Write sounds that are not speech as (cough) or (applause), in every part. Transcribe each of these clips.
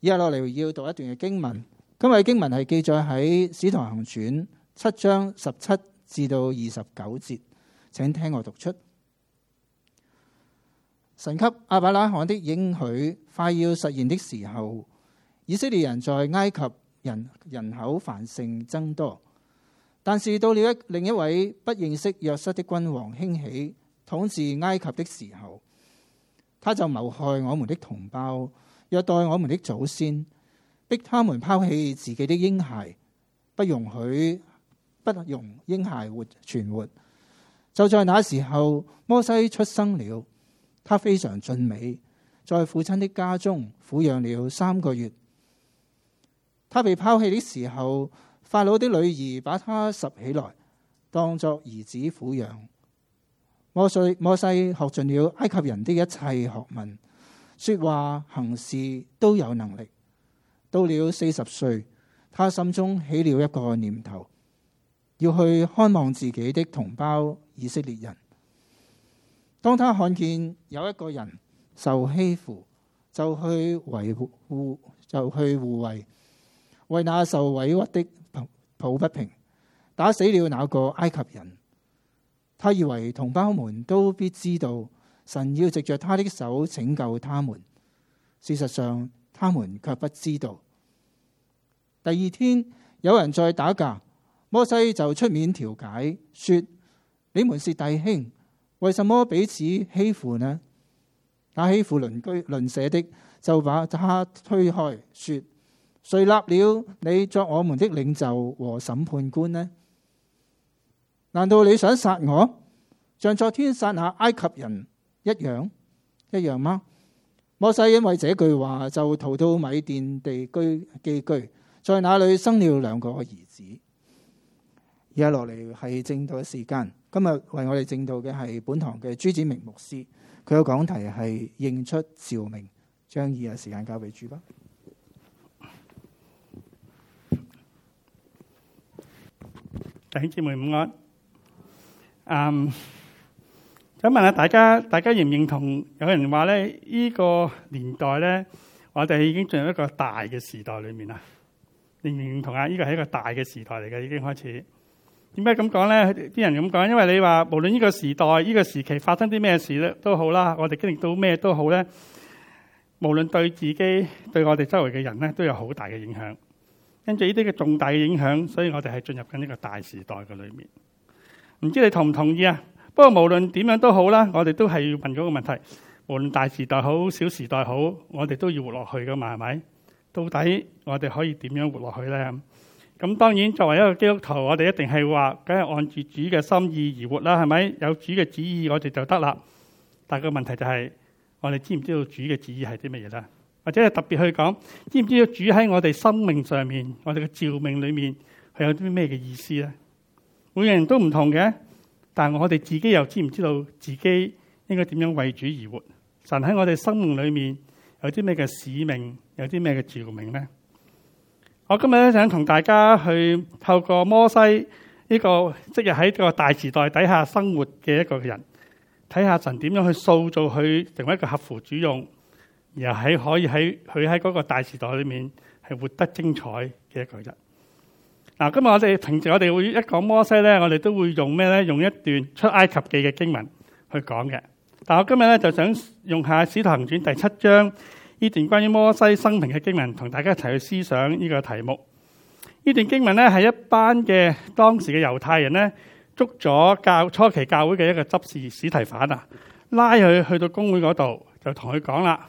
以下落嚟要讀一段嘅經文，今日嘅經文係記載喺《使徒行傳》七章十七至到二十九節，請聽我讀出。神給亞伯拉罕的應許快要實現的時候，以色列人在埃及人人口繁盛增多，但是到了一另一位不認識約瑟的君王興起統治埃及的時候，他就謀害我們的同胞。虐待我們的祖先，逼他們拋棄自己的嬰孩，不容許、不容嬰孩活存活。就在那時候，摩西出生了，他非常俊美，在父親的家中撫養了三個月。他被拋棄的時候，法老的女兒把他拾起來，當作兒子撫養。摩西、摩西學盡了埃及人的一切學問。說話行事都有能力。到了四十歲，他心中起了一個念頭，要去看望自己的同胞以色列人。當他看見有一個人受欺負，就去維護，就去護衛，為那受委屈的抱不平，打死了那個埃及人。他以為同胞們都必知道。神要藉着他的手拯救他們，事實上他們卻不知道。第二天有人在打架，摩西就出面調解，說：你們是弟兄，為什麼彼此欺負呢？那欺負鄰居鄰舍的，就把他推開，說：誰立了你作我們的領袖和審判官呢？難道你想殺我？像昨天殺下埃及人？一樣，一樣嗎？摩西因為這句話就逃到米甸地居寄居，在那裏生了兩個兒子。而家落嚟係正道嘅時間，今日為我哋正道嘅係本堂嘅朱子明牧師，佢嘅講題係認出趙明，將二啊時間交俾主吧。弟兄姐妹，午安。嗯想問下大家，大家認唔認同有人話咧？呢個年代咧，我哋已經進入一個大嘅時代裏面啦。認唔認同啊？呢個係一個大嘅時代嚟嘅，已經開始。點解咁講咧？啲人咁講，因為你話無論呢個時代、呢個時期發生啲咩事咧都好啦，我哋經歷到咩都好咧，無論對自己、對我哋周圍嘅人咧，都有好大嘅影響。跟住呢啲嘅重大嘅影響，所以我哋係進入緊呢個大時代嘅裏面。唔知你同唔同意啊？不過無論點樣都好啦，我哋都係要問嗰個問題。無論大時代好，小時代好，我哋都要活落去噶嘛？係咪？到底我哋可以點樣活落去呢？咁當然，作為一個基督徒，我哋一定係話，梗係按住主嘅心意而活啦，係咪？有主嘅旨意，我哋就得啦。但係個問題就係、是，我哋知唔知道主嘅旨意係啲乜嘢啦？或者係特別去講，知唔知道主喺我哋生命上面，我哋嘅召命裏面係有啲咩嘅意思呢？每個人都唔同嘅。但係我哋自己又知唔知道自己應該點樣為主而活？神喺我哋生命裏面有啲咩嘅使命，有啲咩嘅使命咧？我今日咧想同大家去透過摩西呢、這個即係喺個大時代底下生活嘅一個人，睇下神點樣去塑造佢成為一個合乎主用，又係可以喺佢喺嗰個大時代裏面係活得精彩嘅一個人。嗱，今日我哋平時我哋會一講摩西咧，我哋都會用咩咧？用一段出埃及記嘅經文去講嘅。但我今日咧就想用下《史徒行傳》使徒行傳第七章呢段關於摩西生平嘅經文，同大家一齊去思想呢個題目。呢段經文咧係一班嘅當時嘅猶太人咧，捉咗教初期教會嘅一個執事史提反啊，拉佢去到公會嗰度就同佢講啦，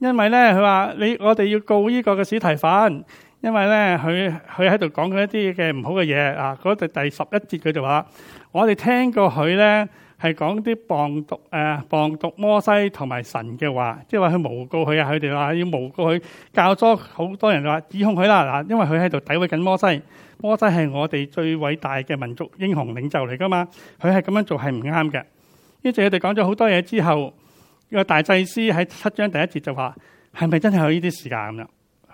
因為咧佢話你我哋要告呢個嘅史提法史提反。」因為咧，佢佢喺度講佢一啲嘅唔好嘅嘢啊！嗰、那、第、個、第十一節佢就、呃、話：，我哋聽過佢咧係講啲謗讟誒謗讟摩西同埋神嘅話，即係話佢誣告佢啊！佢哋話要誣告佢教咗好多人話指控佢啦嗱，因為佢喺度詆毀緊摩西，摩西係我哋最偉大嘅民族英雄領袖嚟噶嘛，佢係咁樣做係唔啱嘅。跟住佢哋講咗好多嘢之後，個大祭司喺七章第一節就話：，係咪真係有呢啲事件咁樣？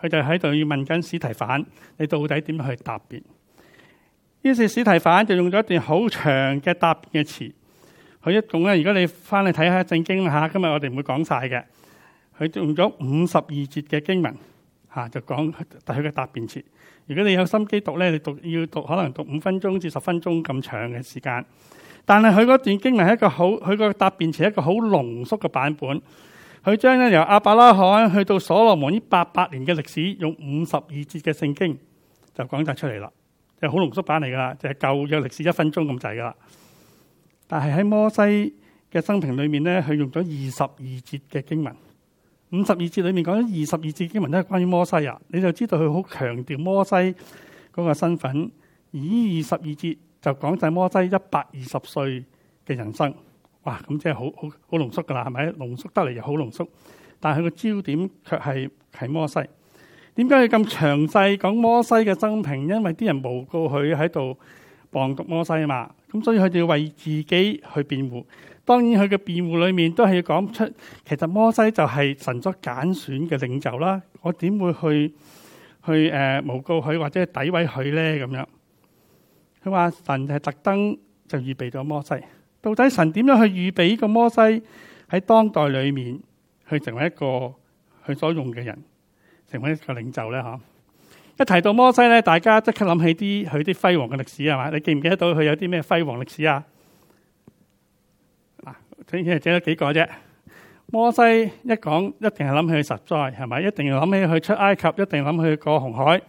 佢就喺度要問緊史提反，你到底點去答辯？於是史提反就用咗一段好長嘅答辯嘅詞，佢一共咧，如果你翻去睇下正經啦吓，今日我哋唔會講晒嘅，佢用咗五十二節嘅經文吓，就講佢嘅答辯詞。如果你有心機讀咧，你讀要讀可能讀五分鐘至十分鐘咁長嘅時間。但係佢嗰段經文係一個好，佢個答辯詞係一個好濃縮嘅版本。佢將咧由阿伯拉罕去到所羅門呢八百年嘅歷史，用五十二節嘅聖經就講晒出嚟啦，就好濃縮版嚟噶啦，就係舊約歷史一分鐘咁滯噶啦。但係喺摩西嘅生平裏面咧，佢用咗二十二節嘅經文。五十二節裏面講咗二十二節經文都係關於摩西啊，你就知道佢好強調摩西嗰個身份。以二十二節就講晒摩西一百二十歲嘅人生。哇！咁即係好好好濃縮噶啦，係咪？濃縮得嚟又好濃縮，但係佢個焦點卻係係摩西。點解佢咁詳細講摩西嘅生平？因為啲人誣告佢喺度謗讟摩西啊嘛，咁所以佢哋要為自己去辯護。當然佢嘅辯護裏面都係要講出，其實摩西就係神所揀選嘅領袖啦。我點會去去誒呃，誣告佢或者係詆毀佢咧？咁樣佢話神係特登就預備咗摩西。到底神點樣去預備呢個摩西喺當代裏面去成為一個佢所用嘅人，成為一個領袖咧？嗬！一提到摩西咧，大家即刻諗起啲佢啲輝煌嘅歷史係嘛？你記唔記得到佢有啲咩輝煌歷史啊？啊，只係只咗幾個啫。摩西一講一定係諗起佢實在係咪？一定要諗起佢出埃及，一定諗起佢過紅海，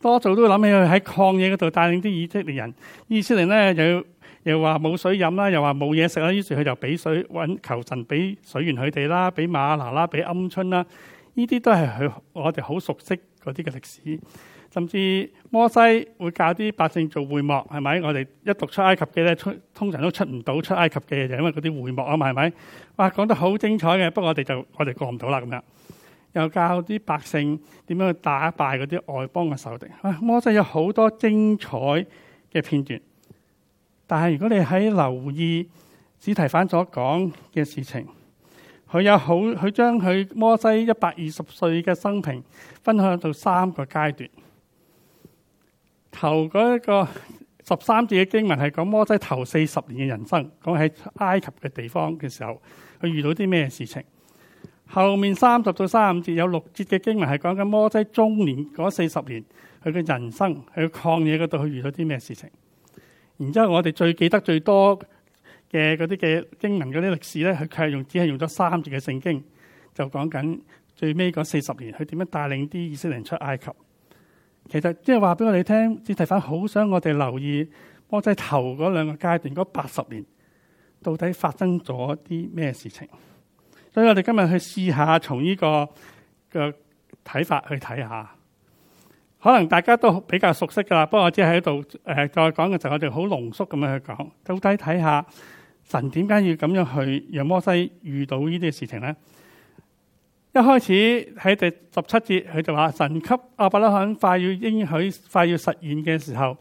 多數都諗起佢喺曠野嗰度帶領啲以色列人。以色列咧就要。又話冇水飲啦，又話冇嘢食啦，於是佢就俾水揾求神俾水源佢哋啦，俾馬拿啦，俾鵪鶉啦，呢啲都係佢我哋好熟悉嗰啲嘅歷史。甚至摩西會教啲百姓做會幕，係咪？我哋一讀出埃及記咧，出通常都出唔到出埃及記嘅，就因為嗰啲會幕啊嘛，係咪？哇，講得好精彩嘅，不過我哋就我哋過唔到啦咁樣。又教啲百姓點樣去打敗嗰啲外邦嘅仇敵。哇、哎，摩西有好多精彩嘅片段。但係，如果你喺留意，司提反所講嘅事情，佢有好佢將佢摩西一百二十歲嘅生平分享到三個階段。頭嗰一個十三節嘅經文係講摩西頭四十年嘅人生，講喺埃及嘅地方嘅時候，佢遇到啲咩事情。後面三十到三十五節有六節嘅經文係講緊摩西中年嗰四十年佢嘅人生，去曠野嗰度佢遇到啲咩事情。然之後，我哋最記得最多嘅嗰啲嘅經文嗰啲歷史咧，佢卻係用只係用咗三節嘅聖經，就講緊最尾嗰四十年，佢點樣帶領啲以色列人出埃及。其實即係話俾我哋聽，司提反好想我哋留意，波仔頭嗰兩個階段嗰八十年，到底發生咗啲咩事情？所以我哋今日去試下從呢、這個嘅睇、這個、法去睇下。可能大家都比較熟悉噶啦，不過我只係喺度誒再講嘅，就我哋好濃縮咁樣去講，到底睇下神點解要咁樣去讓摩西遇到呢啲事情咧？一開始喺第十七節佢就話，神給阿伯拉罕快要應許、快要實現嘅時候，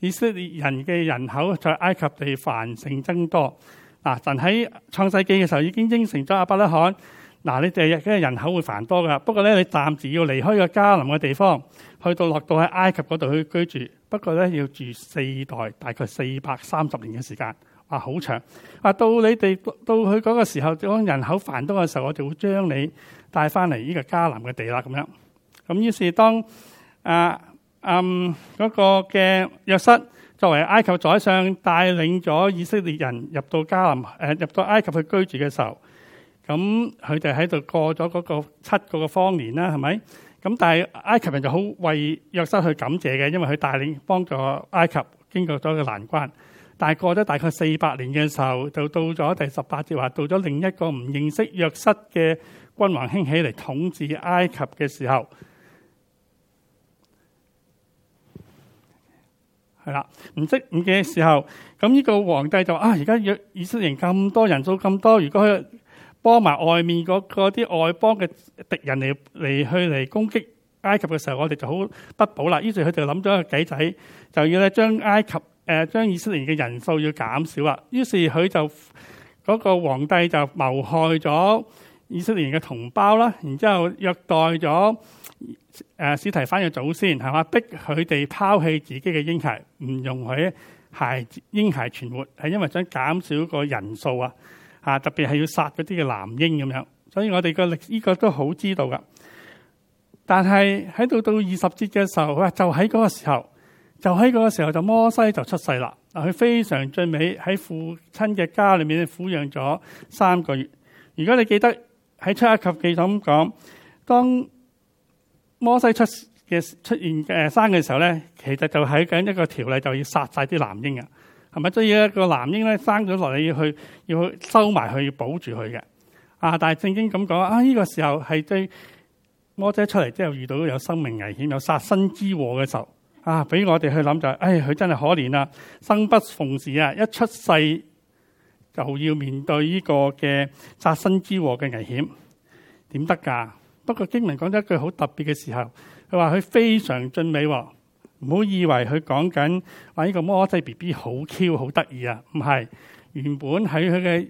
以色列人嘅人口在埃及地繁盛增多。嗱、呃，神喺創世紀嘅時候已經應承咗阿伯拉罕。嗱，你哋嘅人口會繁多噶。不過咧，你暫時要離開個迦南嘅地方，去到落到喺埃及嗰度去居住。不過咧，要住四代，大概四百三十年嘅時間，話好長。話到你哋到去嗰個時候，講人口繁多嘅時候，我就會將你帶翻嚟呢個迦南嘅地啦。咁樣，咁於是當啊嗯嗰個嘅約瑟作為埃及宰相，帶領咗以色列人入到迦南，誒入到埃及去居住嘅時候。咁佢哋喺度過咗嗰個七嗰個方年啦，係咪？咁但係埃及人就好為約瑟去感謝嘅，因為佢帶領幫助埃及經過咗一個難關。但係過咗大概四百年嘅時候，就到咗第十八節話，到咗另一個唔認識約瑟嘅君王興起嚟統治埃及嘅時候，係啦，唔識唔嘅時候，咁呢個皇帝就啊，而家約以色列咁多人數咁多，如果佢。幫埋外面嗰嗰啲外邦嘅敵人嚟嚟去嚟攻擊埃及嘅時候，我哋就好不保啦。於是佢就諗咗一個計仔，就要咧將埃及誒將以色列嘅人數要減少啦。於是佢就嗰個皇帝就謀害咗以色列嘅同胞啦，然之後虐待咗誒史提芬嘅祖先，係嘛，逼佢哋拋棄自己嘅嬰孩，唔容許孩嬰孩存活，係因為想減少個人數啊。啊！特別係要殺嗰啲嘅男嬰咁樣，所以我哋個歷呢個都好知道㗎。但係喺到到二十節嘅時候，哇！就喺嗰個時候，就喺嗰個時候就摩西就出世啦。嗱，佢非常俊美，喺父親嘅家裏面撫養咗三個月。如果你記得喺出埃及記咁講，當摩西出嘅出現嘅生嘅時候咧，其實就喺緊一個條例，就要殺晒啲男嬰啊！係咪都要一個男嬰咧，生咗落嚟，要去要去收埋去保住佢嘅？啊！但係正經咁講啊，呢個時候係對摩西出嚟之後遇到有生命危險、有殺身之禍嘅時候啊，俾我哋去諗就係，唉，佢真係可憐啦，生不逢時啊！一出世就要面對呢個嘅殺身之禍嘅危險，點得噶？不過經文講咗一句好特別嘅時候，佢話佢非常俊美喎。唔好以為佢講緊話呢個摩西 B B 好 Q 好得意啊！唔係，原本喺佢嘅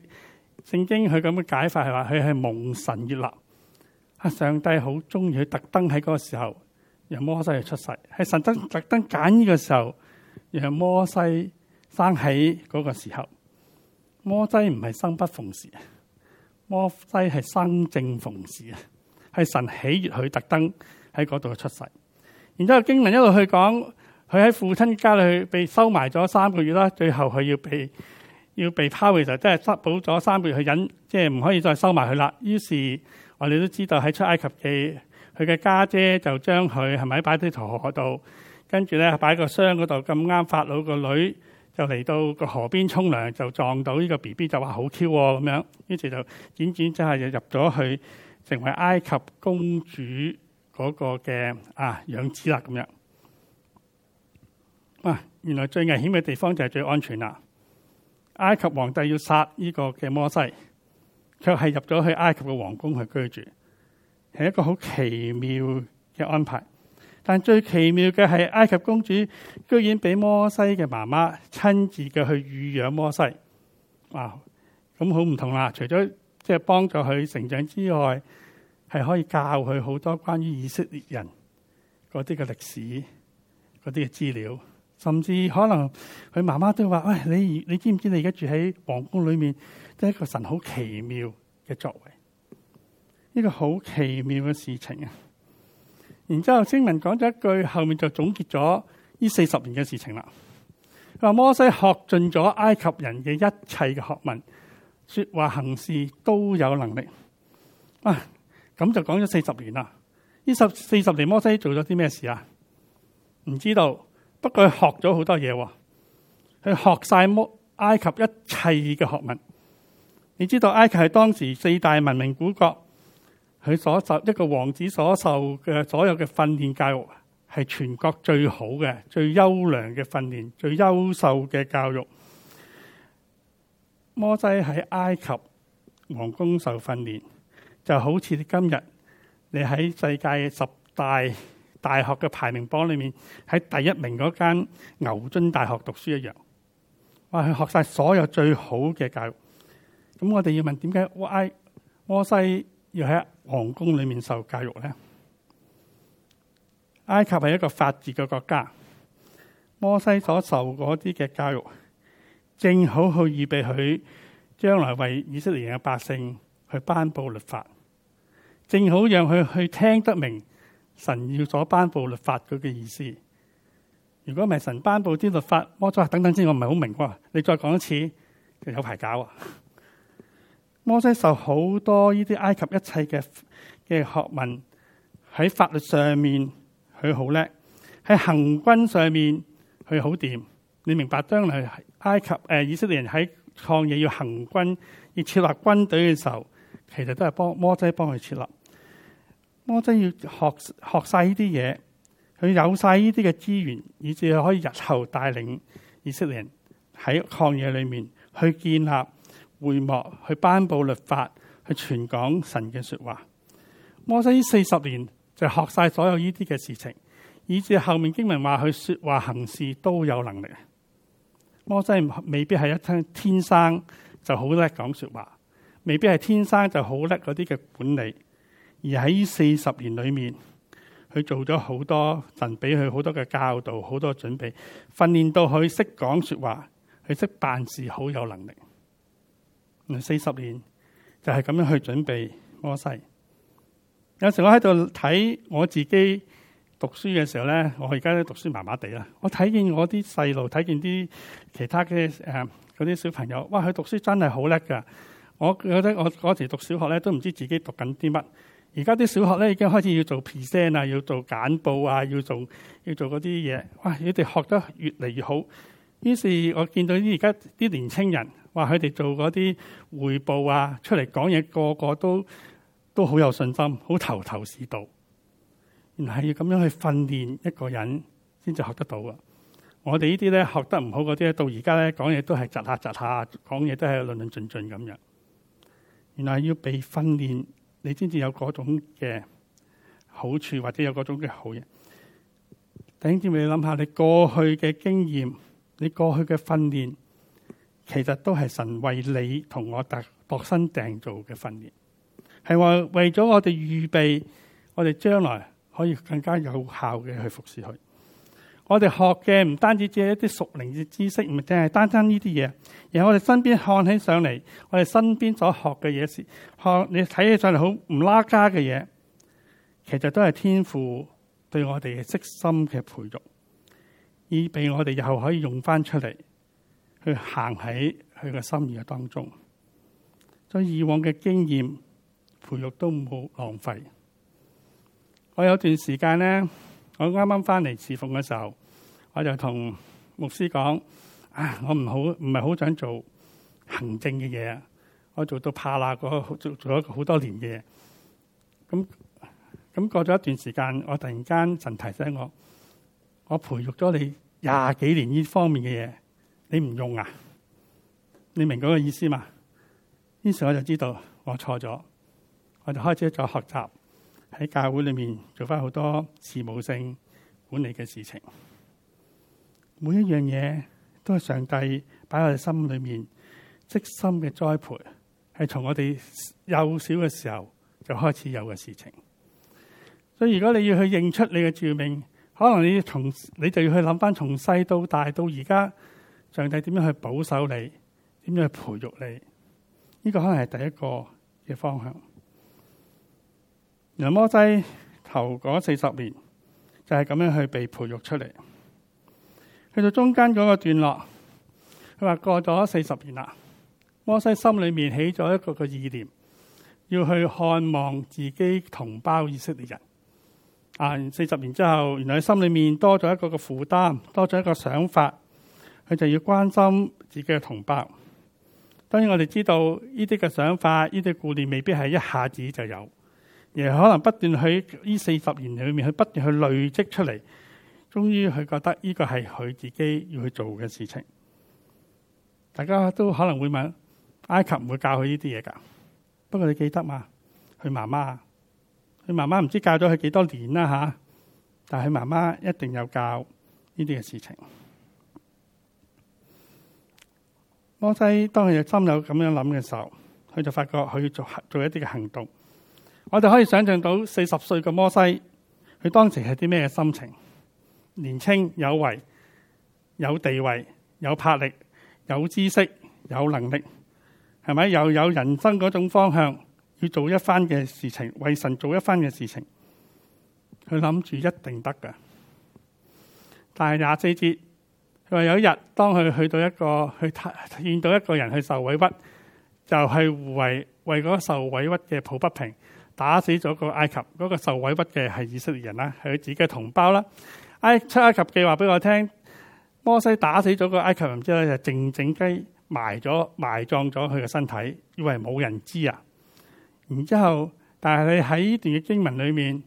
聖經佢咁嘅解法係話佢係蒙神悅立。啊，上帝好中意佢，特登喺嗰個時候讓摩西出世，係神特特登揀呢個時候讓摩西生喺嗰個時候。摩西唔係生不逢時，摩西係生正逢時啊！係神喜悅佢特登喺嗰度出世。然之後，經文一路去講，佢喺父親家裏被收埋咗三個月啦。最後佢要被要被拋棄，就真係失保咗三個月去忍，即係唔可以再收埋佢啦。於是，我哋都知道喺出埃及記，佢嘅家姐就將佢係咪擺喺條河度，跟住咧擺喺個箱嗰度。咁啱法老個女就嚟到個河邊沖涼，就撞到呢個 B B，就話好 Q 喎咁樣。於是就點點真係入咗去，成為埃及公主。嗰個嘅啊養子啦咁樣、啊，原來最危險嘅地方就係最安全啦。埃及皇帝要殺呢個嘅摩西，卻係入咗去埃及嘅皇宮去居住，係一個好奇妙嘅安排。但最奇妙嘅係埃及公主居然俾摩西嘅媽媽親自嘅去預養摩西，啊咁好唔同啦！除咗即係幫助佢成長之外。係可以教佢好多關於以色列人嗰啲嘅歷史、嗰啲嘅資料，甚至可能佢媽媽都話，喂，你你知唔知？你而家住喺皇宮裏面，都係一個神好奇妙嘅作為，呢個好奇妙嘅事情啊！然之後，經文講咗一句，後面就總結咗呢四十年嘅事情啦。佢話摩西學盡咗埃及人嘅一切嘅學問，說話行事都有能力啊。咁就講咗四十年啦。呢十四十年，摩西做咗啲咩事啊？唔知道。不過佢學咗好多嘢，佢學晒埃及一切嘅學問。你知道埃及係當時四大文明古國，佢所受一個王子所受嘅所有嘅訓練教育，係全國最好嘅，最優良嘅訓練，最優秀嘅教育。摩西喺埃及皇宮受訓練。就好似你今日你喺世界十大大學嘅排名榜裏面喺第一名嗰間牛津大學讀書一樣，話佢學晒所有最好嘅教育。咁我哋要問，點解摩西要喺皇宮裏面受教育咧？埃及係一個法治嘅國家，摩西所受嗰啲嘅教育，正好去預備佢將來為以色列人嘅百姓去頒佈律法。正好讓佢去聽得明神要所頒布律法佢嘅意思。如果唔係神頒布啲律法，摩西等等先，我唔係好明啊！你再講一次，就有排搞啊！摩西受好多呢啲埃及一切嘅嘅學問，喺法律上面佢好叻，喺行軍上面佢好掂。你明白將來埃及誒、呃、以色列人喺曠野要行軍，要設立軍隊嘅時候，其實都係幫摩西幫佢設立。摩西要學學晒呢啲嘢，佢有晒呢啲嘅資源，以至佢可以日後帶領以色列人喺曠野裏面去建立會幕，去頒布律法，去傳講神嘅說話。摩西呢四十年就學晒所有呢啲嘅事情，以至後面經文話佢說話行事都有能力。摩西未必係一聽天生就好叻講說話，未必係天生就好叻嗰啲嘅管理。而喺呢四十年裏面，佢做咗好多，甚至俾佢好多嘅教導，好多嘅準備，訓練到佢識講說話，佢識辦事，好有能力。四十年就係咁樣去準備摩西。有時我喺度睇我自己讀書嘅時候咧，我而家咧讀書麻麻地啦。我睇見我啲細路，睇見啲其他嘅誒嗰啲小朋友，哇！佢讀書真係好叻噶。我覺得我嗰時讀小學咧，都唔知自己讀緊啲乜。而家啲小學咧已經開始要做 present 啊，要做簡報啊，要做要做嗰啲嘢。哇！佢哋學得越嚟越好。於是，我見到啲而家啲年青人，哇！佢哋做嗰啲匯報啊，出嚟講嘢，個個都都好有信心，好頭頭是道。原來要咁樣去訓練一個人，先至學得到啊！我哋呢啲咧學得唔好嗰啲咧，到而家咧講嘢都係窒下窒下，講嘢都係論論盡盡咁樣。原來要被訓練。你先至有嗰種嘅好處，或者有嗰種嘅好嘢。頂住你諗下，你過去嘅經驗，你過去嘅訓練，其實都係神為你同我特度身訂做嘅訓練，係話為咗我哋預備，我哋將來可以更加有效嘅去服侍佢。我哋學嘅唔單止只係一啲屬靈嘅知識，唔淨係單單呢啲嘢。而我哋身邊看起上嚟，我哋身邊所學嘅嘢，學你睇起上嚟好唔拉家嘅嘢，其實都係天父對我哋嘅悉心嘅培育，以便我哋以後可以用翻出嚟，去行喺佢嘅心意嘅當中，所以以往嘅經驗培育都唔好浪費。我有段時間咧。我啱啱翻嚟侍奉嘅時候，我就同牧師講，啊，我唔好唔係好想做行政嘅嘢，我做到怕啦，個做做咗好多年嘅嘢。咁咁過咗一段時間，我突然間神提醒我，我培育咗你廿幾年呢方面嘅嘢，你唔用啊？你明嗰個意思嘛？於是我就知道我錯咗，我就開始咗學習。喺教會裏面做翻好多事務性管理嘅事情，每一樣嘢都係上帝擺喺我哋心裏面，積心嘅栽培，係從我哋幼小嘅時候就開始有嘅事情。所以如果你要去認出你嘅召命，可能你要從你就要去諗翻從細到大到而家，上帝點樣去保守你，點樣去培育你？呢個可能係第一個嘅方向。嗱，摩西頭嗰四十年就係咁樣去被培育出嚟，去到中間嗰個段落，佢話過咗四十年啦。摩西心裏面起咗一個嘅意念，要去看望自己同胞以色列人。啊，四十年之後，原來佢心裏面多咗一個嘅負擔，多咗一個想法，佢就要關心自己嘅同胞。當然我哋知道呢啲嘅想法，呢啲顧念未必係一下子就有。也可能不斷喺呢四十年裏面，佢不斷去累積出嚟，終於佢覺得呢個係佢自己要去做嘅事情。大家都可能會問：埃及唔會教佢呢啲嘢噶？不過你記得嘛？佢媽媽，佢媽媽唔知教咗佢幾多年啦吓，但係佢媽媽一定有教呢啲嘅事情。摩西當佢心有咁樣諗嘅時候，佢就發覺佢要做做一啲嘅行動。我哋可以想象到四十歲嘅摩西，佢當時係啲咩心情？年輕有為，有地位，有魄力，有知識，有能力，係咪又有人生嗰種方向，要做一番嘅事情，為神做一番嘅事情？佢諗住一定得噶，但係廿四節佢話有一日，當佢去到一個去睇見到一個人去受委屈，就係、是、為為嗰個受委屈嘅抱不平。打死咗個埃及，嗰個受委屈嘅係以色列人啦，係佢自己嘅同胞啦。出埃及記話俾我聽，摩西打死咗個埃及人之後，就靜靜雞埋咗埋葬咗佢嘅身體，以為冇人知啊。然之後，但係你喺呢段嘅經文裏面，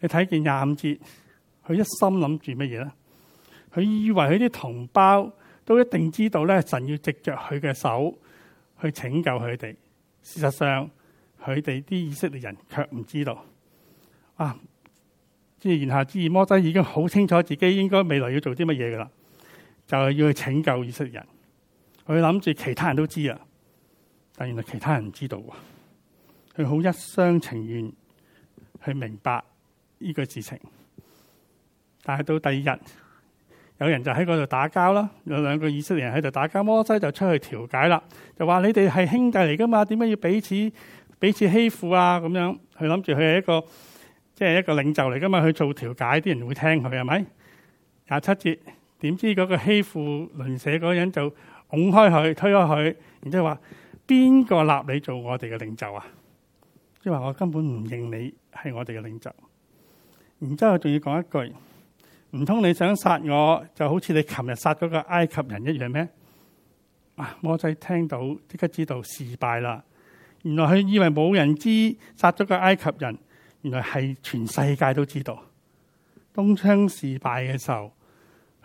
你睇見廿五節，佢一心諗住乜嘢咧？佢以為佢啲同胞都一定知道咧，神要藉着佢嘅手去拯救佢哋。事實上，佢哋啲以色列人卻唔知道，啊！即係言下之意，摩西已經好清楚自己應該未來要做啲乜嘢噶啦，就係要去拯救以色列人。佢諗住其他人都知啊，但原來其他人唔知道啊。佢好一廂情願去明白呢個事情，但係到第二日，有人就喺嗰度打交啦。有兩個以色列人喺度打交，摩西就出去調解啦，就話你哋係兄弟嚟噶嘛，點解要彼此彼此欺負啊，咁樣佢諗住佢係一個即係一個領袖嚟噶嘛，去做調解啲人會聽佢係咪？廿七節點知嗰個欺負鄰舍嗰人就拱開佢，推開佢，然之後話邊個立你做我哋嘅領袖啊？即係話我根本唔認你係我哋嘅領袖。然之後仲要講一句，唔通你想殺我，就好似你琴日殺咗個埃及人一樣咩？啊！我仔聽到即刻知道事敗啦。原來佢以為冇人知殺咗個埃及人，原來係全世界都知道。東窗事敗嘅時候，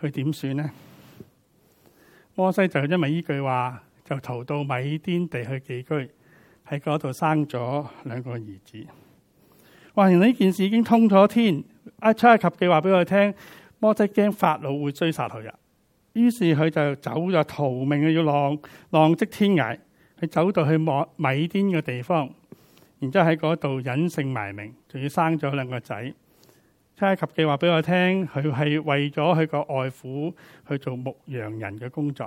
佢點算呢？摩西就因為呢句話，就逃到米甸地去寄居，喺嗰度生咗兩個兒子。話原來呢件事已經通咗天，出埃及記嘅話俾我聽，摩西驚法老會追殺佢啊，於是佢就走咗逃命嘅要浪，浪跡天涯。佢走到去莫米甸嘅地方，然之後喺嗰度隱姓埋名，仲要生咗兩個仔。差及嘅話俾我聽，佢係為咗佢個外父去做牧羊人嘅工作。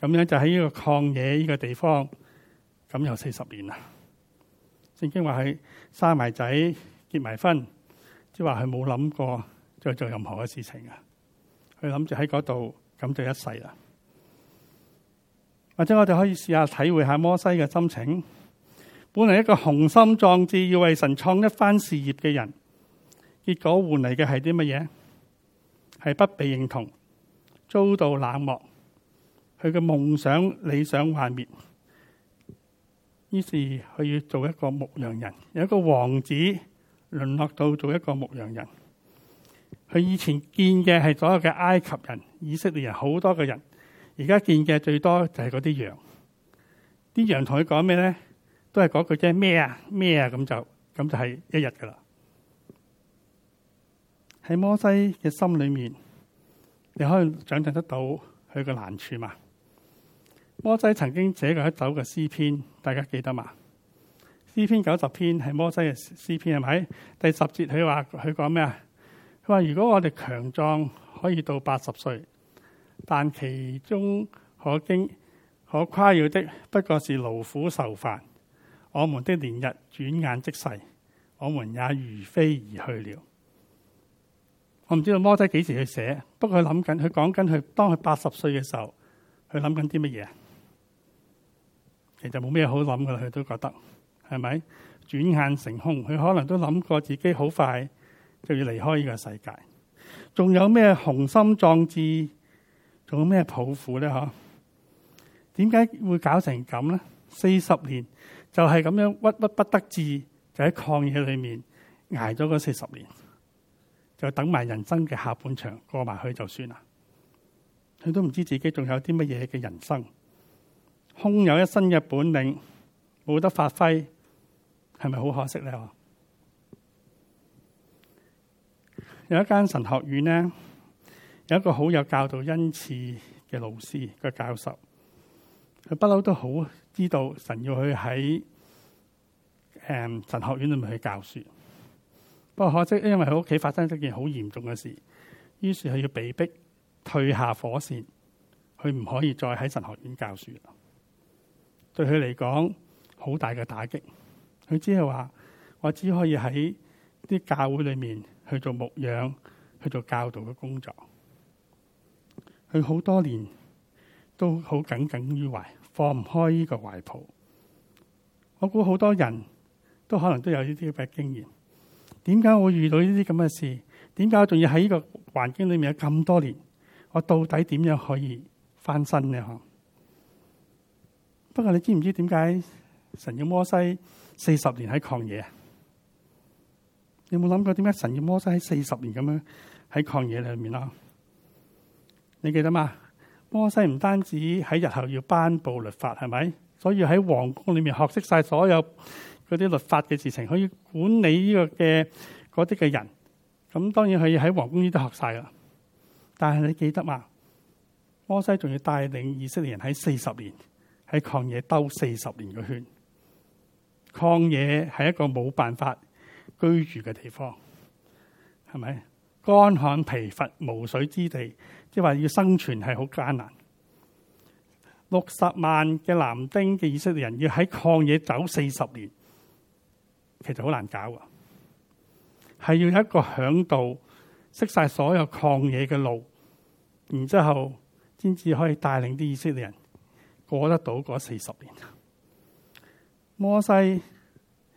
咁樣就喺呢個曠野呢個地方，咁有四十年啦。聖經話佢生埋仔，結埋婚，即係話佢冇諗過再做任何嘅事情啊。佢諗住喺嗰度，咁就一世啦。或者我哋可以試下體會下摩西嘅心情。本來一個雄心壯志要為神創一番事業嘅人，結果換嚟嘅係啲乜嘢？係不被認同，遭到冷漠。佢嘅夢想理想，幻滅，於是佢要做一個牧羊人。有一個王子淪落到做一個牧羊人。佢以前見嘅係所有嘅埃及人、以色列人，好多嘅人。而家見嘅最多就係嗰啲羊，啲羊同佢講咩咧？都係嗰句啫，咩啊咩啊，咁就咁就係一日噶啦。喺摩西嘅心裏面，你可以想像得到佢嘅難處嘛？摩西曾經寫過一首嘅詩篇，大家記得嘛？詩篇九十篇係摩西嘅詩篇係咪？第十節佢話，佢講咩啊？佢話，如果我哋強壯，可以到八十歲。但其中可經可誇耀的，不過是勞苦愁煩。我們的年日轉眼即逝，我們也如飛而去了。我唔知道摩西幾時去寫，不過佢諗緊佢講緊佢當佢八十歲嘅時候，佢諗緊啲乜嘢？其實冇咩好諗噶啦，佢都覺得係咪轉眼成空？佢可能都諗過自己好快就要離開呢個世界，仲有咩雄心壯志？做咩抱負咧？嗬、啊？點解會搞成咁咧？四十年就係咁樣屈屈不得志，就喺曠野裏面捱咗嗰四十年，就等埋人生嘅下半場過埋去就算啦。佢都唔知自己仲有啲乜嘢嘅人生，空有一身嘅本領冇得發揮，係咪好可惜咧？嗬？有一間神學院咧。有一個好有教導恩賜嘅老師嘅教授，佢不嬲都好知道神要去喺誒、嗯、神學院裏面去教書。不過可惜，因為佢屋企發生了一件好嚴重嘅事，於是佢要被逼退下火線，佢唔可以再喺神學院教書。對佢嚟講，好大嘅打擊。佢只係話我只可以喺啲教會裏面去做牧養，去做教導嘅工作。佢好多年都好耿耿於懷，放唔開呢個懷抱。我估好多人都可能都有呢啲嘅經驗。點解我會遇到呢啲咁嘅事？點解我仲要喺呢個環境裏面有咁多年？我到底點樣可以翻身呢？嗬？不過你知唔知點解神要摩西四十年喺曠野？你有冇諗過點解神要摩西喺四十年咁樣喺曠野裏面啦？你記得嘛？摩西唔單止喺日後要頒布律法，係咪？所以喺皇宮裏面學識晒所有嗰啲律法嘅事情，可以管理呢個嘅嗰啲嘅人。咁當然佢喺皇宮呢度學晒啦。但係你記得嘛？摩西仲要帶領以色列人喺四十年喺曠野兜四十年嘅圈。曠野係一個冇辦法居住嘅地方，係咪？乾旱疲乏無水之地，即係話要生存係好艱難。六十萬嘅男丁嘅以色列人要喺曠野走四十年，其實好難搞啊！係要一個嚮導識晒所有曠野嘅路，然之後先至可以帶領啲以色列人過得到嗰四十年。摩西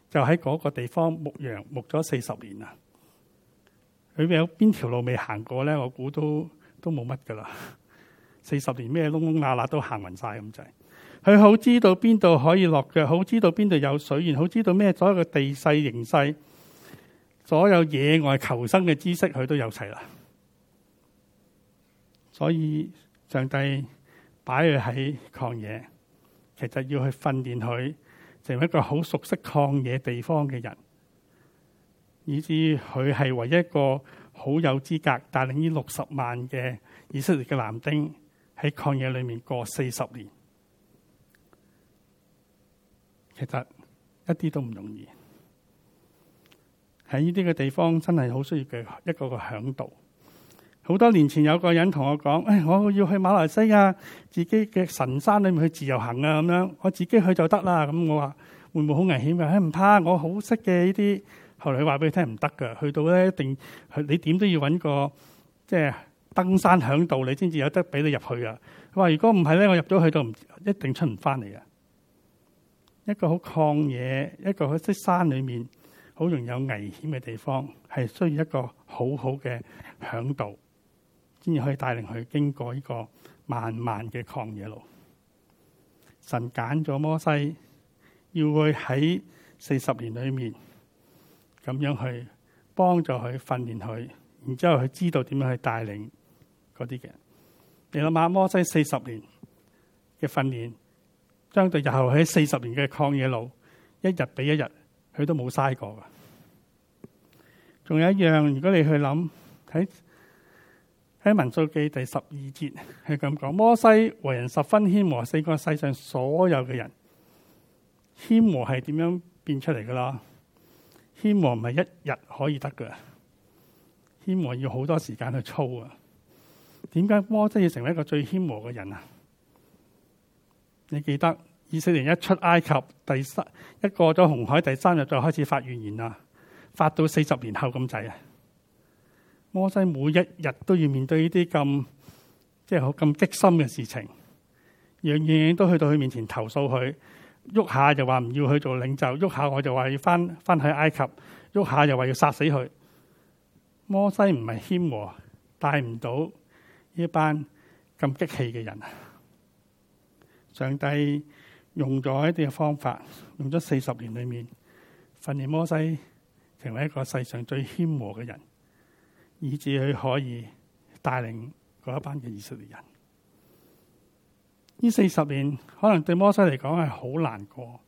就喺嗰個地方牧羊牧咗四十年啦。佢咪有邊條路未行過咧，我估都都冇乜噶啦。四十年咩窿窿罅罅都行匀晒咁滯。佢好知道邊度可以落腳，好知道邊度有水源，好知道咩所有嘅地勢形勢，所有野外求生嘅知識佢都有齊啦。所以上帝擺佢喺曠野，其實要去訓練佢成為一個好熟悉曠野地方嘅人。以至佢係唯一一個好有資格帶領呢六十萬嘅以色列嘅男丁喺曠野裏面過四十年，其實一啲都唔容易。喺呢啲嘅地方真係好需要嘅一個個嚮導。好多年前有個人同我講：誒、哎，我要去馬來西亞自己嘅神山裏面去自由行啊！咁樣我自己去就得啦。咁我話會唔會好危險㗎？誒、哎、唔怕，我好識嘅呢啲。佢話：俾你聽唔得㗎，去到咧一定，你點都要揾個即係登山嚮導，你先至有得俾你入去啊。佢話：如果唔係咧，我入咗去唔一定出唔翻嚟啊。一個好曠野，一個喺啲山裡面好容易有危險嘅地方，係需要一個好好嘅嚮導，先至可以帶領佢經過呢個漫漫嘅曠野路。神揀咗摩西，要佢喺四十年裏面。咁樣去幫助佢訓練佢，然之後佢知道點樣去帶領嗰啲嘅。你諗下，摩西四十年嘅訓練，將對日後喺四十年嘅曠野路，一日比一日，佢都冇嘥過噶。仲有一樣，如果你去諗睇喺民數記第十二節係咁講，摩西為人十分謙和，四個世上所有嘅人，謙和係點樣變出嚟噶啦？謙和唔係一日可以得嘅，謙和要好多時間去操啊！點解摩西要成為一個最謙和嘅人啊？你記得二四零一出埃及第三，一過咗紅海第三日，就開始發怨言啦，發到四十年後咁滯啊！摩西每一日都要面對呢啲咁即係好咁激心嘅事情，樣樣，樣都去到佢面前投訴佢。喐下就話唔要去做領袖，喐下我就話要翻翻去埃及，喐下又話要殺死佢。摩西唔係謙和，帶唔到呢一班咁激氣嘅人啊。上帝用咗一啲嘅方法，用咗四十年裏面訓練摩西成為一個世上最謙和嘅人，以致佢可以帶領嗰一班嘅以色列人。呢四十年可能對摩西嚟講係好難過，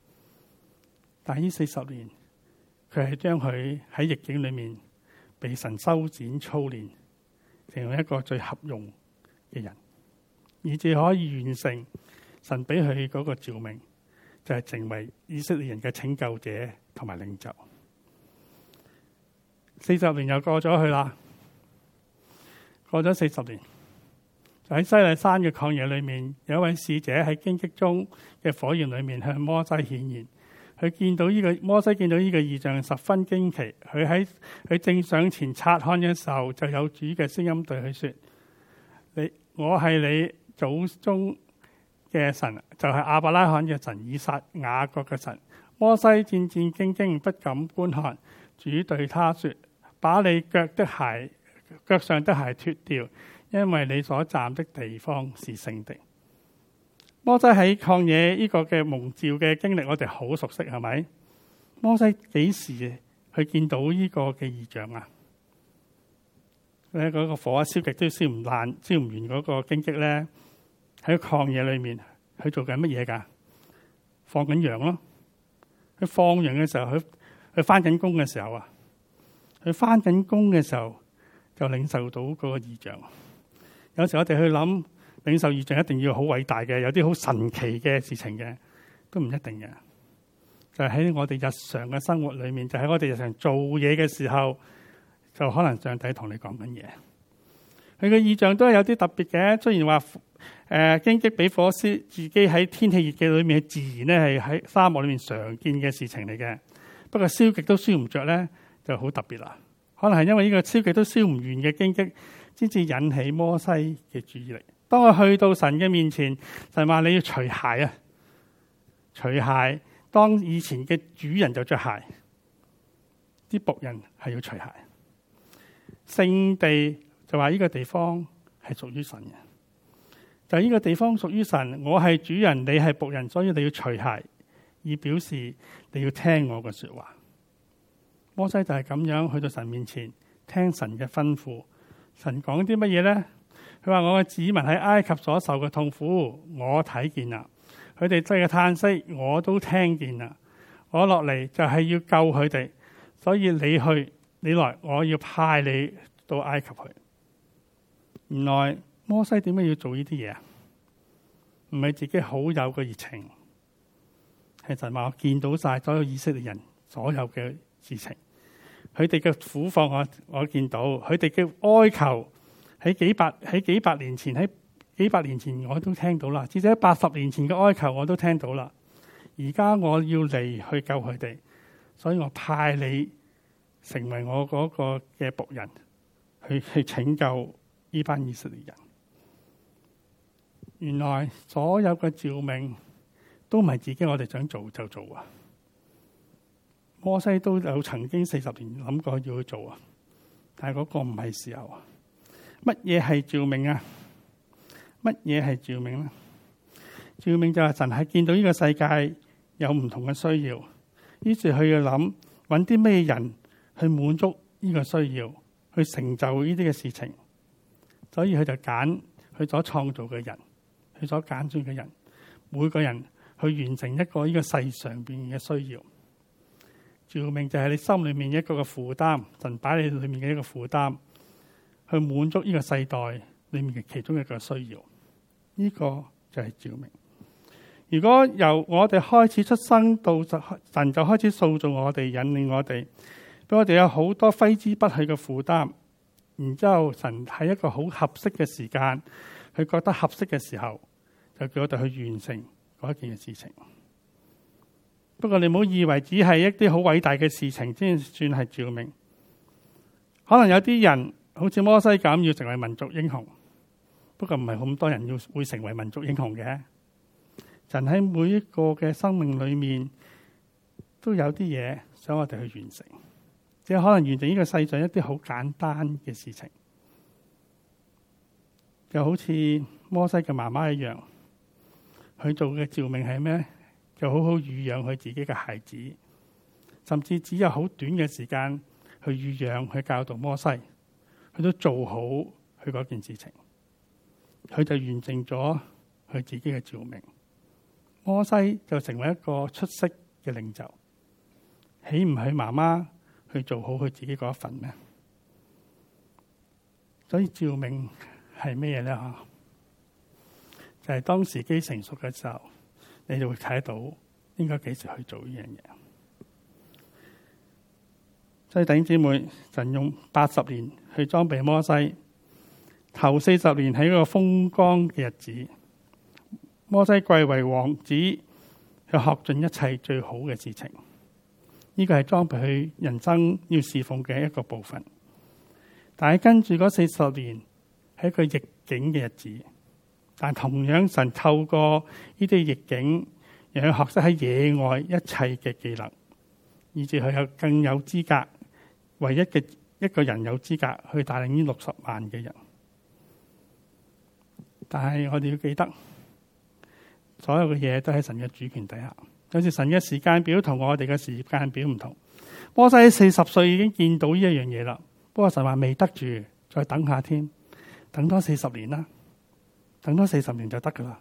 但係呢四十年佢係將佢喺逆境裏面被神修剪操練，成為一個最合用嘅人，以至可以完成神俾佢嗰個召命，就係、是、成為以色列人嘅拯救者同埋領袖。四十年又過咗去啦，過咗四十年。喺西奈山嘅曠野裏面，有一位使者喺荊棘中嘅火焰裏面向摩西顯現。佢見到呢、這個摩西見到呢個異象十分驚奇。佢喺佢正上前察看嘅時候，就有主嘅聲音對佢說：你我係你祖宗嘅神，就係、是、阿伯拉罕嘅神、以撒、雅各嘅神。摩西戰戰兢兢，不敢觀看。主對他說：把你腳的鞋、腳上的鞋脱掉。因為你所站的地方是聖的。摩西喺曠野呢個嘅蒙召嘅經歷，我哋好熟悉，係咪？摩西幾時去見到呢個嘅異象啊？咧、那、嗰個火啊，燒極都燒唔爛，燒唔完嗰個荊棘咧，喺曠野裏面，佢做緊乜嘢㗎？放緊羊咯，佢放羊嘅時候，佢佢返緊工嘅時候啊，佢返緊工嘅時候就領受到嗰個異象。有時我哋去諗領受異象一定要好偉大嘅，有啲好神奇嘅事情嘅，都唔一定嘅。就係喺我哋日常嘅生活裏面，就係喺我哋日常做嘢嘅時候，就可能上帝同你講緊嘢。佢嘅異象都係有啲特別嘅。雖然話誒荊棘俾火燒，自己喺天氣熱嘅裏面，自然咧係喺沙漠裏面常見嘅事情嚟嘅。不過燒極都燒唔着咧，就好特別啦。可能係因為呢個燒極都燒唔完嘅荊棘。先至引起摩西嘅注意力。當佢去到神嘅面前，就話你要除鞋啊，除鞋。當以前嘅主人就着鞋，啲僕人係要除鞋。聖地就話呢個地方係屬於神嘅。就呢個地方屬於神，我係主人，你係僕人，所以你要除鞋，以表示你要聽我嘅說話。摩西就係咁樣去到神面前，聽神嘅吩咐。神講啲乜嘢咧？佢話，我嘅子民喺埃及所受嘅痛苦，我睇見啦；佢哋真係嘅嘆息，我都聽見啦。我落嚟就係要救佢哋，所以你去你來，我要派你到埃及去。原來摩西點解要做呢啲嘢啊？唔係自己好有嘅熱情，係神話我見到晒所有以色列人所有嘅事情。佢哋嘅苦況我，我我見到；佢哋嘅哀求，喺幾百喺幾百年前，喺幾百年前我都聽到啦。甚至喺八十年前嘅哀求，我都聽到啦。而家我要嚟去救佢哋，所以我派你成為我嗰個嘅僕人，去去拯救呢班以色列人。原來所有嘅照明都唔係自己，我哋想做就做啊！摩西都有曾經四十年諗過要去做啊，但係嗰個唔係時候啊。乜嘢係召命啊？乜嘢係召命咧，啊？召命就係神係見到呢個世界有唔同嘅需要，於是佢要諗揾啲咩人去滿足呢個需要，去成就呢啲嘅事情。所以佢就揀佢所創造嘅人，佢所揀選嘅人，每個人去完成一個呢個世上邊嘅需要。召命就係你心裏面的一個嘅負擔，神擺你裏面嘅一個負擔，去滿足呢個世代裏面嘅其中一個需要。呢、這個就係召命。如果由我哋開始出生到神就開始塑造我哋，引領我哋，俾我哋有好多揮之不去嘅負擔。然之後，神喺一個好合適嘅時間，佢覺得合適嘅時候，就叫我哋去完成嗰一件嘅事情。不過你唔好以為只係一啲好偉大嘅事情先算係照明，可能有啲人好似摩西咁要成為民族英雄，不過唔係咁多人要會成為民族英雄嘅。人喺每一個嘅生命裏面都有啲嘢想我哋去完成，只係可能完成呢個世上一啲好簡單嘅事情，就好似摩西嘅媽媽一樣，佢做嘅照明係咩？就好好育養佢自己嘅孩子，甚至只有好短嘅時間去育養去教導摩西，佢都做好佢嗰件事情，佢就完成咗佢自己嘅召命。摩西就成為一個出色嘅領袖，豈唔係媽媽去做好佢自己嗰一份咩？所以召命係咩咧？吓，就係、是、當時機成熟嘅時候。你就會睇到應該幾時去做呢樣嘢。所以弟兄姊妹，神用八十年去裝備摩西，頭四十年喺一個風光嘅日子，摩西貴為王子，去學盡一切最好嘅事情。呢個係裝備佢人生要侍奉嘅一個部分。但係跟住嗰四十年係一個逆境嘅日子。但同樣，神透過呢啲逆境，又要學識喺野外一切嘅技能，以至佢有更有資格，唯一嘅一個人有資格去帶領呢六十萬嘅人。但係我哋要記得，所有嘅嘢都喺神嘅主權底下。有時神嘅時間表同我哋嘅時間表唔同。摩西四十歲已經見到呢一樣嘢啦，不過神話未得住，再等下添，等多四十年啦。等多四十年就得噶啦！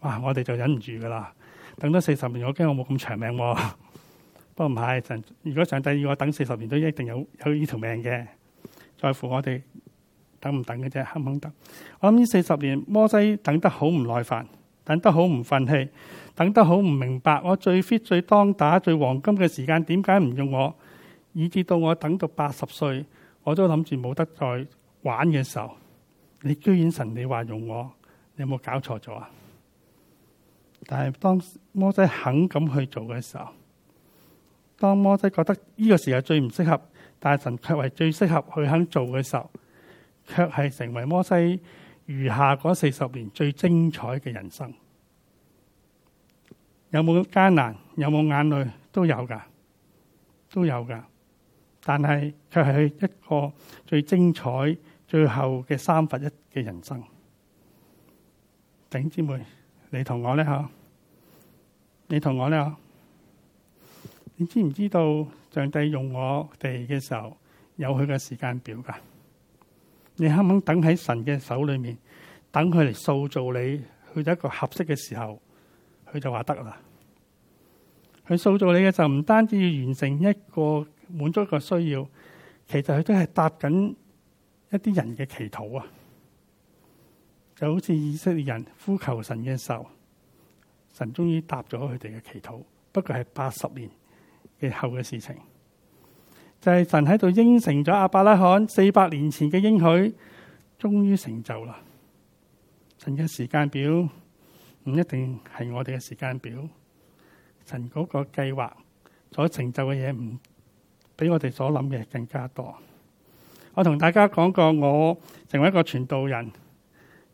哇，我哋就忍唔住噶啦！等多四十年，我驚我冇咁長命啊。 (laughs) 不過唔係，如果上帝要我等四十年都一定有有呢條命嘅，在乎我哋等唔等嘅啫，肯唔肯等？我諗呢四十年，摩西等得好唔耐煩，等得好唔忿氣，等得好唔明白。我最 fit 最當打最黃金嘅時間，點解唔用我？以至到我等到八十歲，我都諗住冇得再玩嘅時候，你居然神你話用我？有冇搞錯咗啊？但係當摩西肯咁去做嘅時候，當摩西覺得呢個時候最唔適合，但係神卻為最適合佢肯做嘅時候，卻係成為摩西餘下嗰四十年最精彩嘅人生。有冇艱難？有冇眼淚？都有噶，都有噶。但係卻係一個最精彩、最後嘅三分一嘅人生。整姐妹，你同我咧吓？你同我咧？你知唔知道上帝用我哋嘅時候有佢嘅時間表噶？你肯唔肯等喺神嘅手裏面等佢嚟塑造你，去到一個合適嘅時候，佢就話得啦。佢塑造你嘅就唔單止要完成一個滿足一個需要，其實佢都係搭緊一啲人嘅祈禱啊！就好似以色列人呼求神嘅時候，神終於答咗佢哋嘅祈禱。不過係八十年嘅後嘅事情，就係、是、神喺度應承咗阿伯拉罕四百年前嘅應許，終於成就啦。神嘅時間表唔一定係我哋嘅時間表，神嗰個計劃所成就嘅嘢，唔比我哋所諗嘅更加多。我同大家講過，我成為一個傳道人。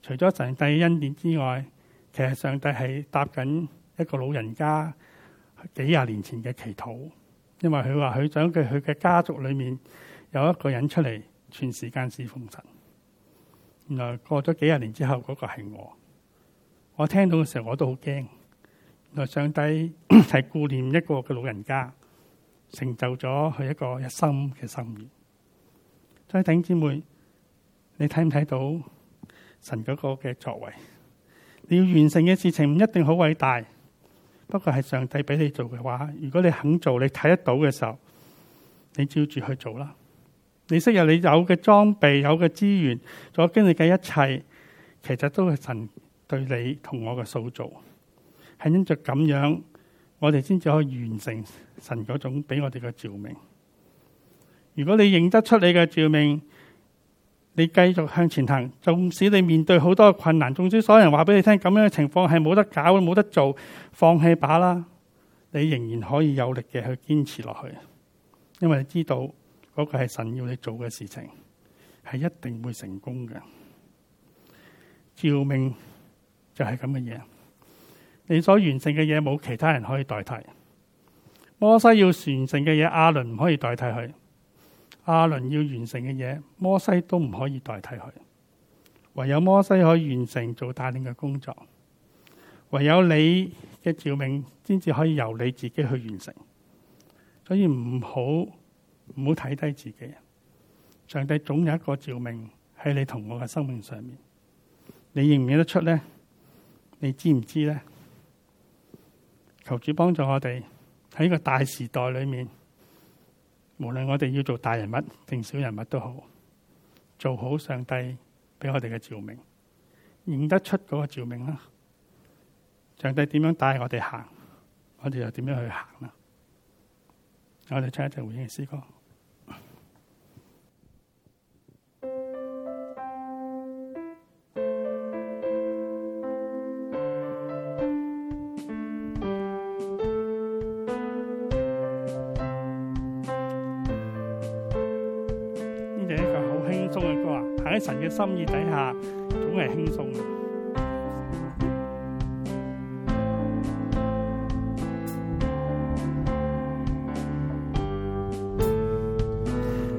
除咗上帝的恩典之外，其實上帝係答緊一個老人家幾廿年前嘅祈禱，因為佢話佢想佢佢嘅家族裏面有一個人出嚟，全時間侍奉神。原來過咗幾廿年之後，嗰、嗰個係我。我聽到嘅時候，我都好驚。原來上帝係 (coughs) 顧念一個嘅老人家，成就咗佢一個一心的生嘅心願。親愛的姊妹，你睇唔睇到？神嗰個嘅作為，你要完成嘅事情唔一定好偉大，不過係上帝俾你做嘅話，如果你肯做，你睇得到嘅時候，你照住去做啦。你識有你有嘅裝備、有嘅資源、所經歷嘅一切，其實都係神對你同我嘅塑造。係因着咁樣，我哋先至可以完成神嗰種俾我哋嘅召命。如果你認得出你嘅召命，你繼續向前行，縱使你面對好多困難，縱使所有人話俾你聽咁樣嘅情況係冇得搞、冇得做，放棄吧啦，你仍然可以有力嘅去堅持落去，因為你知道嗰個係神要你做嘅事情，係一定會成功嘅。召命就係咁嘅嘢，你所完成嘅嘢冇其他人可以代替。摩西要完成嘅嘢，亞倫唔可以代替佢。阿倫要完成嘅嘢，摩西都唔可以代替佢，唯有摩西可以完成做帶領嘅工作，唯有你嘅召命，先至可以由你自己去完成。所以唔好唔好睇低自己，上帝總有一個召命喺你同我嘅生命上面，你認唔認得出呢？你知唔知道呢？求主幫助我哋喺呢個大時代裏面。無論我哋要做大人物定小人物都好，做好上帝俾我哋嘅照明，認得出嗰個照明啦。上帝點樣帶我哋行，我哋又點樣去行啦？我哋唱一隻《回應詩歌》。心意底下總係輕鬆。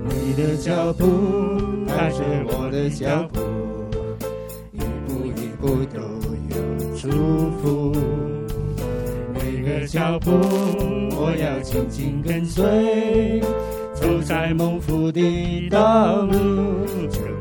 你的腳步踏着我的腳步，嗯、一步一步都有祝福。每個腳步我要緊緊跟隨，走在蒙福的道路。嗯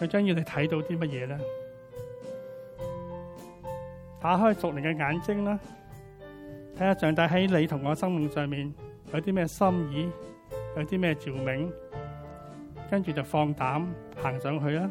佢將要你睇到啲乜嘢咧？打開屬靈嘅眼睛啦，睇下上帝喺你同我生命上面有啲咩心意，有啲咩照明，跟住就放膽行上去啦。.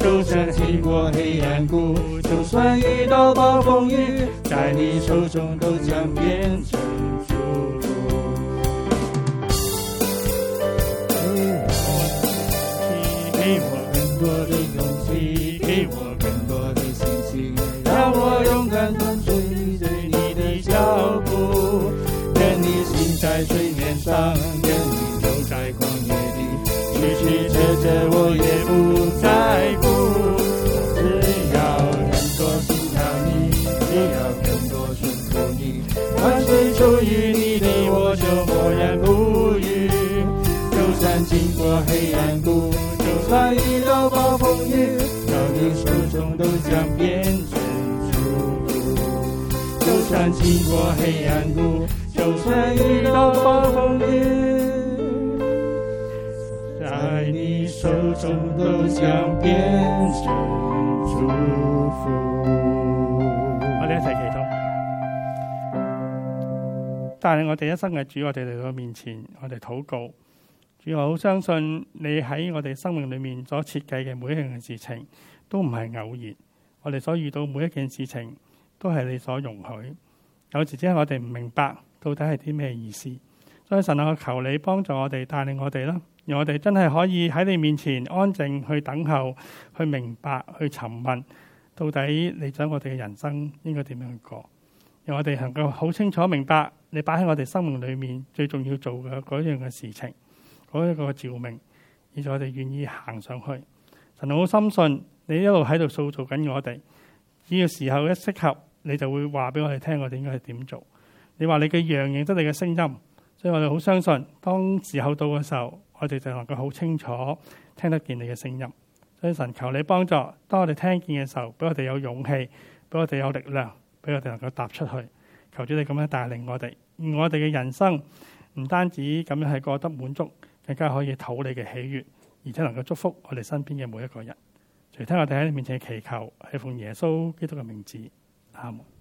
就算經過黑暗谷，就算遇到暴風雨，在你手中都將變成祝福。給我，給我更多的勇氣，給我更多的信心，讓我勇敢的追隨着你的腳步。跟你行在水面上，跟你走在曠野裏，曲曲折折我也不。就算經過黑暗，就算遇到暴風雨，在你手中都將變成祝福。就算經過黑暗，就算遇到暴風雨，在你手中都將變成祝福。我哋一齊祈禱。但係我哋一生嘅主，我哋嚟到面前，我哋禱告。我好相信你喺我哋生命裏面所設計嘅每一樣事情都唔係偶然。我哋所遇到每一件事情都係你所容許。有時只係我哋唔明白到底係啲咩意思，所以神啊，求你幫助我哋，帶領我哋啦，讓我哋真係可以喺你面前安靜去等候，去明白，去尋問到底你想我哋嘅人生應該點樣去過，讓我哋能夠好清楚明白你擺喺我哋生命裏面最重要做嘅嗰樣嘅事情。嗰一個照明，而我哋願意行上去。神好，深信你一路喺度塑造緊我哋，只要時候一適合，你就會話俾我哋聽，我哋應該係點做。你話你嘅羊，認得你嘅聲音，所以我哋好相信，當時候到嘅時候，我哋就能夠好清楚聽得見你嘅聲音。所以神求你幫助，當我哋聽見嘅時候，俾我哋有勇氣，俾我哋有力量，俾我哋能夠踏出去。求主你咁樣帶領我哋，我哋嘅人生唔單止咁樣係過得滿足，更加可以討你嘅喜悅，而且能夠祝福我哋身邊嘅每一個人。隨聽我哋喺你面前的祈求，祈奉耶穌基督嘅名字，阿門。